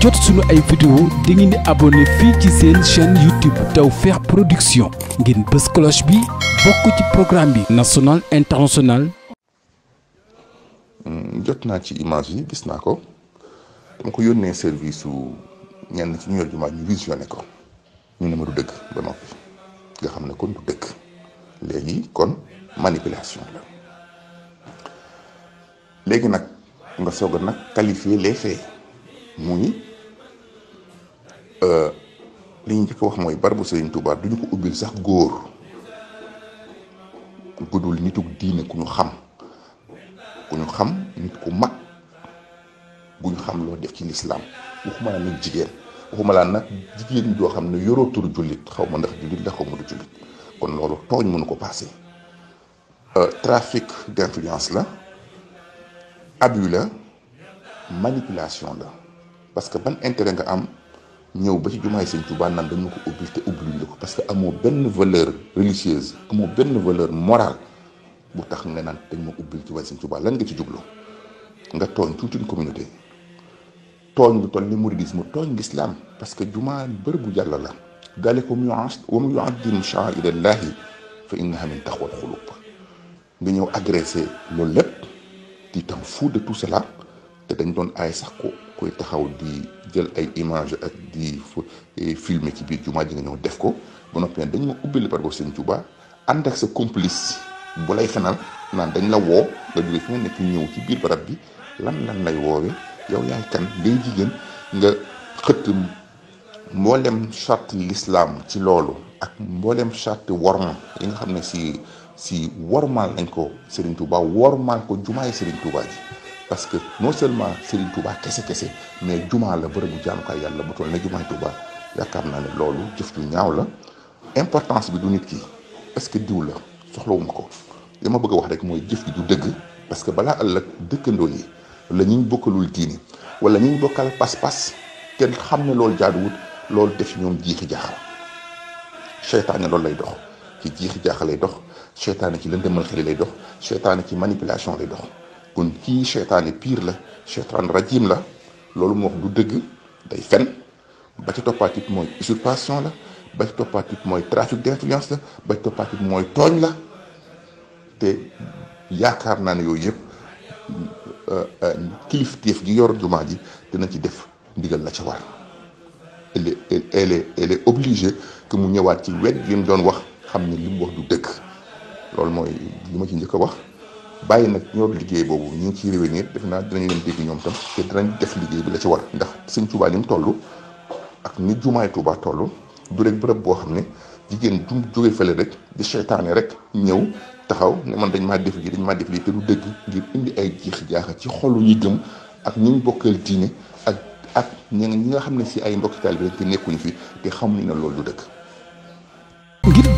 jot suñu ay vidéo da ngeen di abonné fii ci seen chaîne YouTube Tawfekh Production ngeen bës cloche bi bokk ci programme bi national international hmm, jot naa ci image yi gis naa ko dama ko yónnee service su ñenn ci ñu yor jumaa ñu visionné ko ñu ne ma du dëgg ba noppi nga xam ne kon du dëgg léegi kon manipulation la léegi nag nga soog a nag qualifier les faits muy li ñu njëkk wax mooy barabu Serigne Touba duñu ko ubbil sax góor gudul nituk diine ku ñu xam ku ñu xam nit ku mag bu ñu xam loo def ci lislaam waxuma laa nag jigéen waxuma laa nag jigéen doo xam ne yorootul jullit xaw ma ndax jullit la xaw ma du jullit kon loolu tooñ mënu ko passé euh, trafic d'influence la abus la manipulation la parce que ban intérêt nga am ñëw ba ci jumaay sëñ Tuubaa naan dañu ko ubbil te ubbil ñu ko parce que amoo benn valeur religieuse amoo benn valeur morale bu tax nga naan dañ ma ubbil jumaay sëñ Tuubaa lan nga ci jublu nga tooñ toute une communauté tooñ lu toll ni mouridisme tooñ l'islam parce que jumaa bërëbu Yàlla la dalikum wa man yu'azzim sha'a'ira llahi fa innaha min taqwal qulub nga ñëw agressé loolu lépp di temps fou de tout cela te dañ doon aay sax ko kuy taxaw di jël ay image ak di filmer ci biir jumaa ji nga ñëw def ko ba noppi dañ ma ubbi par rapport Sëñ Tuubaa ànd ak sa complice bu lay fenal naan dañ la woo nga ñëw ci biir bi lan lan lay woowee yow yaay kan ngay jigéen nga xëtt mboolem charte l'islam ci loolu ak mboolem charte worma yi nga xam ne si si wormaal nañ ko Serigne Touba wormaal ko jumaay Serigne Touba ji. parce que non seulement Serigne Touba kese kese mais jumaa la bërëbu jaamukaay yàlla bu toll ne jumaay Touba yaakaar naa ne loolu jëf ju ñaaw la importance bi du nit ki parce que diw la soxlawuma ko li bëgg a wax rek mooy jëf gi du dëgg parce que balaa ëllëg dëkkandoo yi la ñu bokkalul diini wala ñu bokkal pas-pas kenn xam ne loolu jaaduwut loolu def ñoom jiixi jaaxal seytaane loolu lay dox ci jiixi jaaxal lay dox seytaane ci lëndëmal xel lay dox seytaane ci manipulation lay dox. kon kii seytaane piir la seytaan rajim la loolu mu wax du dëgg day fen ba ci toppaatit mooy usurpation la ba ci toppaatit mooy trafic d'influence la ba ci mooy tooñ la te yaakaar naa ne yooyu yëpp euh, euh, kilifteef gi yor jumaa ji dina ci def ndigal la ca war elle est elle est elle mu ñëwaat ci wet li mu doon wax xam ne li mu wax du dëgg loolu mooy li ma ci njëkk a wax bàyyi nag ñoom liggéey boobu ñu ngi ciy revenir def naa dinañ leen dégg ñoom tam te dinañ def liggéey bi la ci war ndax sëñ Tuubaa ni mu toll ak ni jumaay Tuubaa toll du rek bërëb boo xam ne jigéen du jóge fële rek di seytaane rek ñëw taxaw ne man dañ maa def lii dañ maa def lii te du dëgg ngir indi ay jiix jaaxa ci xolu ñu gëm ak ñi ñu bokkal diine ak ak ñi nga xam ne si ay mbokki taalibe bi te nekkuñu fi te xamuñu na loolu du dëkk